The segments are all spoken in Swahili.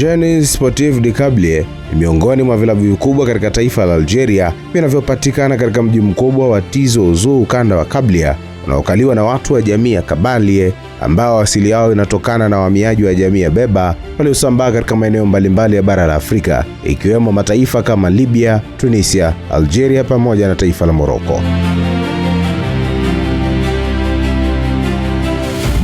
Jeunesse Sportive de Kabylie ni miongoni mwa vilabu vikubwa katika taifa la Algeria vinavyopatikana katika mji mkubwa wa Tizo Ouzou, ukanda wa kablia unaokaliwa na watu wa jamii ya Kabalie ambao asili yao inatokana na wahamiaji wa jamii ya Beba waliosambaa katika maeneo mbalimbali ya bara la Afrika ikiwemo mataifa kama Libya, Tunisia, Algeria pamoja na taifa la Moroko.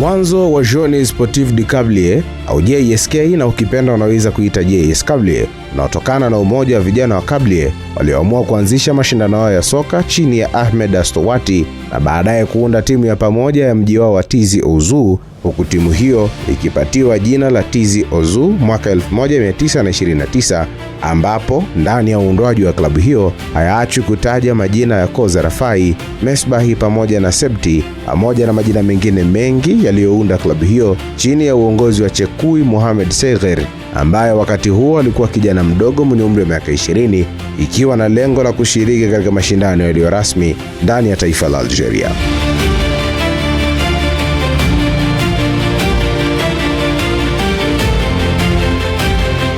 Mwanzo wa Jeune Sportive du Kabylie au JSK na ukipenda unaweza kuita JS Kabylie unaotokana na umoja wa vijana wa Kabylie walioamua kuanzisha mashindano yao ya soka chini ya Ahmed Astowati na baadaye kuunda timu ya pamoja ya mji wao wa Tizi Ouzou huku timu hiyo ikipatiwa jina la TZ Ozu mwaka 1929 ambapo ndani ya uundwaji wa klabu hiyo hayaachwi kutaja majina ya Koza Rafai, Mesbahi pamoja na Septi pamoja na majina mengine mengi yaliyounda klabu hiyo chini ya uongozi wa Chekui Mohamed Segher ambaye wakati huo alikuwa kijana mdogo mwenye umri wa miaka 20 ikiwa na lengo la kushiriki katika mashindano yaliyo rasmi ndani ya taifa la Algeria.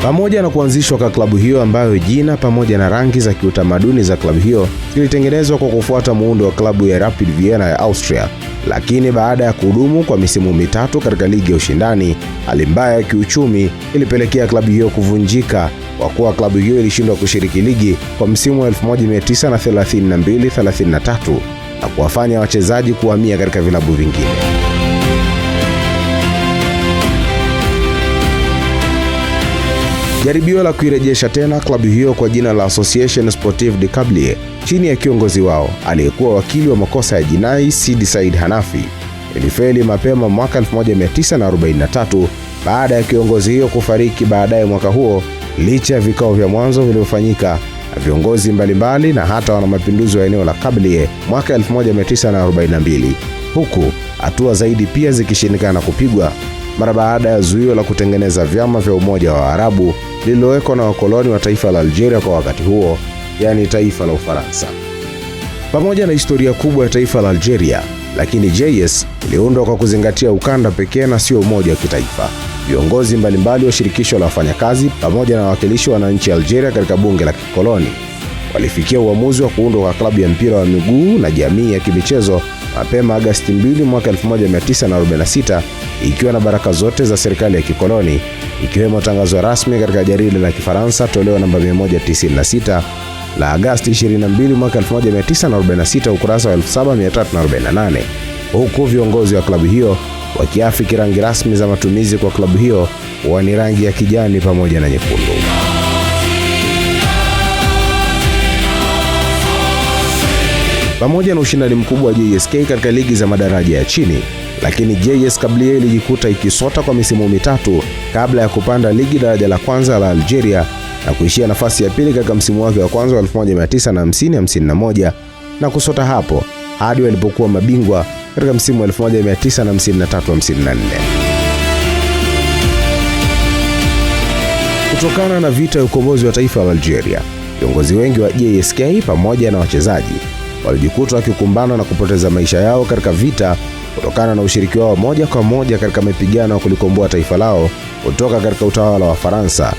Pamoja na kuanzishwa kwa klabu hiyo ambayo jina pamoja na rangi za kiutamaduni za klabu hiyo zilitengenezwa kwa kufuata muundo wa klabu ya Rapid Vienna ya Austria, lakini baada ya kuhudumu kwa misimu mitatu katika ligi ya ushindani, hali mbaya ya kiuchumi ilipelekea klabu hiyo kuvunjika kwa kuwa klabu hiyo ilishindwa kushiriki ligi kwa msimu wa 1932-33 na kuwafanya wachezaji kuhamia katika vilabu vingine. Jaribio la kuirejesha tena klabu hiyo kwa jina la Association Sportive de Kabylie chini ya kiongozi wao aliyekuwa wakili wa makosa ya jinai Sidi Said Hanafi ilifeli mapema mwaka 1943 baada ya kiongozi hiyo kufariki baadaye mwaka huo, licha ya vikao vya mwanzo vilivyofanyika na viongozi mbalimbali na hata wanamapinduzi wa eneo la Kabylie mwaka 1942 huku hatua zaidi pia zikishindikana kupigwa mara baada ya zuio la kutengeneza vyama vya Umoja wa Arabu lililowekwa na wakoloni wa taifa la Algeria kwa wakati huo, yaani taifa la Ufaransa. Pamoja na historia kubwa ya taifa la Algeria, lakini JS iliundwa kwa kuzingatia ukanda pekee na sio umoja wa kitaifa. Viongozi mbalimbali wa shirikisho la wafanyakazi pamoja na wawakilishi wa wananchi Algeria katika bunge la kikoloni walifikia uamuzi wa kuundwa kwa klabu ya mpira wa miguu na jamii ya kimichezo mapema Agasti 2 mwaka 1946 ikiwa na baraka zote za serikali ya kikoloni ikiwemo tangazo rasmi katika jarida la Kifaransa toleo namba 196 la Agasti 22 mwaka 1946 ukurasa wa 7348 huku viongozi wa klabu hiyo wakiafiki rangi rasmi za matumizi kwa klabu hiyo huwa ni rangi ya kijani pamoja na nyekundu. pamoja na ushindani mkubwa wa JSK katika ligi za madaraja ya chini, lakini JS Kabylie ilijikuta ikisota kwa misimu mitatu kabla ya kupanda ligi daraja la kwanza la Algeria na kuishia nafasi ya pili katika msimu wake wa kwanza wa 1950-51 na, na kusota hapo hadi walipokuwa mabingwa katika msimu wa 1953-54. Kutokana na vita ya ukombozi wa taifa la Algeria, viongozi wengi wa JSK pamoja na wachezaji walijikuta wakikumbana na kupoteza maisha yao katika vita kutokana na ushiriki wao moja kwa moja katika mapigano ya kulikomboa taifa lao kutoka katika utawala wa Faransa,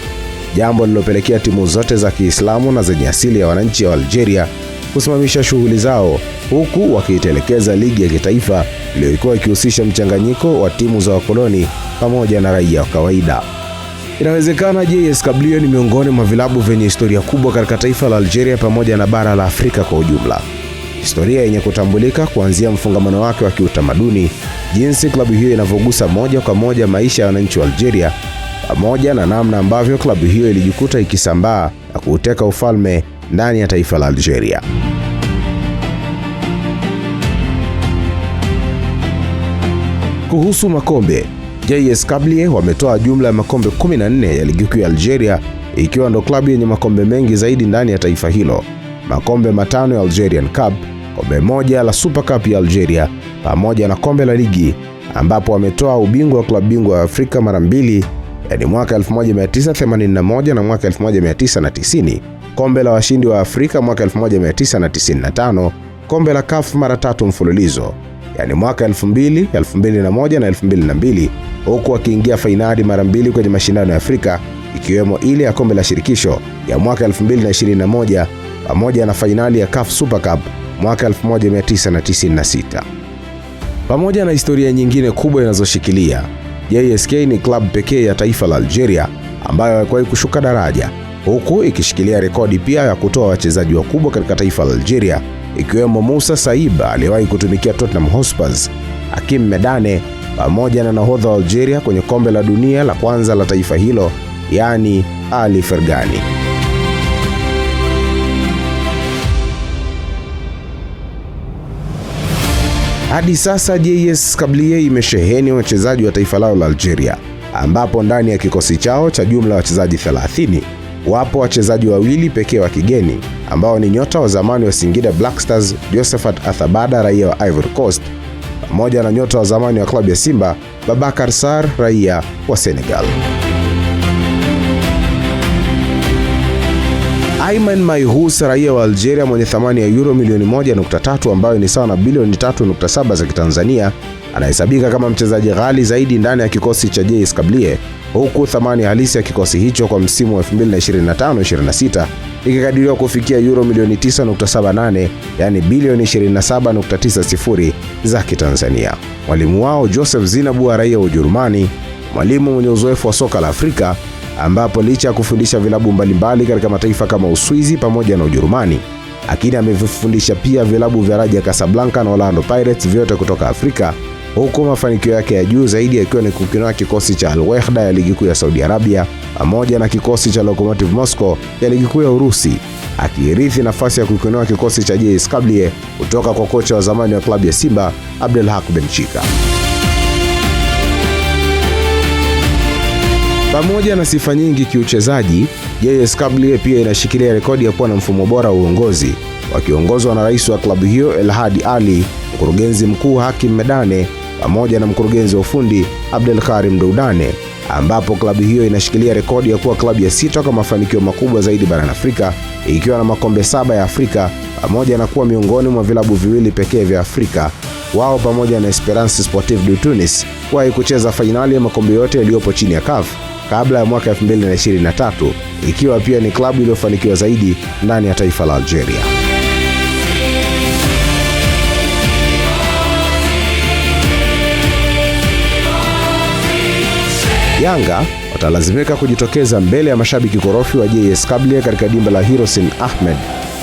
jambo lililopelekea timu zote za Kiislamu na zenye asili ya wananchi wa Algeria kusimamisha shughuli zao huku wakiitelekeza ligi ya kitaifa iliyokuwa ikihusisha mchanganyiko wa timu za wakoloni pamoja na raia wa kawaida. Inawezekana JS Kabylie ni miongoni mwa vilabu vyenye historia kubwa katika taifa la Algeria pamoja na bara la Afrika kwa ujumla historia yenye kutambulika kuanzia mfungamano wake wa kiutamaduni, jinsi klabu hiyo inavyogusa moja kwa moja maisha ya wananchi wa Algeria, pamoja na namna ambavyo klabu hiyo ilijikuta ikisambaa na kuuteka ufalme ndani ya taifa la Algeria. Kuhusu makombe, JS Kabylie wametoa jumla ya makombe 14 ya ligi kuu ya Algeria, ikiwa ndo klabu yenye makombe mengi zaidi ndani ya taifa hilo makombe matano ya Algerian Cup, kombe moja la Super Cup ya Algeria pamoja na kombe la ligi ambapo wametoa ubingwa wa klabu bingwa wa Afrika mara mbili, yani mwaka 1981 na mwaka 1990, kombe la washindi wa Afrika mwaka 1995, kombe la CAF mara tatu mfululizo, yani mwaka 2000, 2001 na 2002, huku wakiingia fainali mara mbili kwenye mashindano ya Afrika ikiwemo ile ya kombe la shirikisho ya mwaka 2021 pamoja na fainali ya CAF Super Cup mwaka 1996. Pamoja na historia nyingine kubwa inazoshikilia, JSK ni klabu pekee ya taifa la Algeria ambayo haikuwahi kushuka daraja huku ikishikilia rekodi pia ya kutoa wachezaji wakubwa katika taifa la Algeria ikiwemo Musa Saib aliyewahi kutumikia Tottenham Hotspur, Hakim Medane pamoja na nahodha wa Algeria kwenye kombe la dunia la kwanza la taifa hilo, yaani Ali Fergani. Hadi sasa JS Kabylie imesheheni wachezaji wa taifa lao la Algeria, ambapo ndani ya kikosi chao cha jumla wachezaji 30 wapo wachezaji wawili pekee wa kigeni ambao ni nyota wa zamani wa Singida Black Stars Josephat Athabada raia wa Ivory Coast pamoja na nyota wa zamani wa klabu ya Simba Babakar Sar raia wa Senegal. Ayman Mayhous raia wa Algeria mwenye thamani ya euro milioni 1.3 ambayo ni sawa na bilioni 3.7 za Kitanzania anahesabika kama mchezaji ghali zaidi ndani ya kikosi cha JS Kabylie huku thamani halisi ya kikosi hicho kwa msimu wa 2025-26 ikikadiriwa kufikia euro milioni 9.78 yani bilioni 27.90 za Kitanzania. Mwalimu wao Joseph Zinabu raia wa Ujerumani, mwalimu mwenye uzoefu wa soka la Afrika ambapo licha ya kufundisha vilabu mbalimbali katika mataifa kama Uswizi pamoja na Ujerumani, lakini amevifundisha pia vilabu vya Raja Casablanca na Orlando Pirates vyote kutoka Afrika, huku mafanikio yake ya juu zaidi yakiwa ni kukinoa kikosi cha Al Wehda ya ligi kuu ya Saudi Arabia pamoja na kikosi cha Lokomotiv Moscow ya ligi kuu ya Urusi, akiirithi nafasi ya kukinoa kikosi cha JS Kabylie kutoka kwa kocha wa zamani wa klabu ya Simba Abdelhak Benchika. Pamoja na sifa nyingi kiuchezaji, JS pia inashikilia rekodi ya kuwa na mfumo bora wa uongozi, wakiongozwa na rais wa klabu hiyo Elhadi Ali, mkurugenzi mkuu Hakim Medane pamoja na mkurugenzi wa ufundi Abdel Karim Doudane, ambapo klabu hiyo inashikilia rekodi ya kuwa klabu ya sita kwa mafanikio makubwa zaidi barani Afrika ikiwa na makombe saba ya Afrika pamoja na kuwa miongoni mwa vilabu viwili pekee vya Afrika wao pamoja na Esperance Sportive du Tunis kuwahi kucheza fainali ya makombe yote yaliyopo chini ya CAF kabla ya mwaka 2023 ikiwa pia ni klabu iliyofanikiwa zaidi ndani ya taifa la Algeria. Yanga atalazimika kujitokeza mbele ya mashabiki korofi wa JS Kabylie katika dimba la Hirosin Ahmed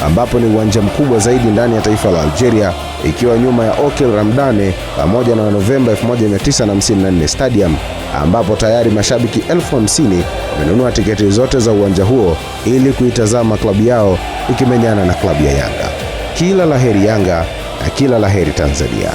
ambapo ni uwanja mkubwa zaidi ndani ya taifa la Algeria, ikiwa nyuma ya Okel Ramdane pamoja na Novemba 1954 Stadium, ambapo tayari mashabiki elfu hamsini wamenunua tiketi zote za uwanja huo ili kuitazama klabu yao ikimenyana na klabu ya Yanga. Kila laheri Yanga na kila laheri Tanzania.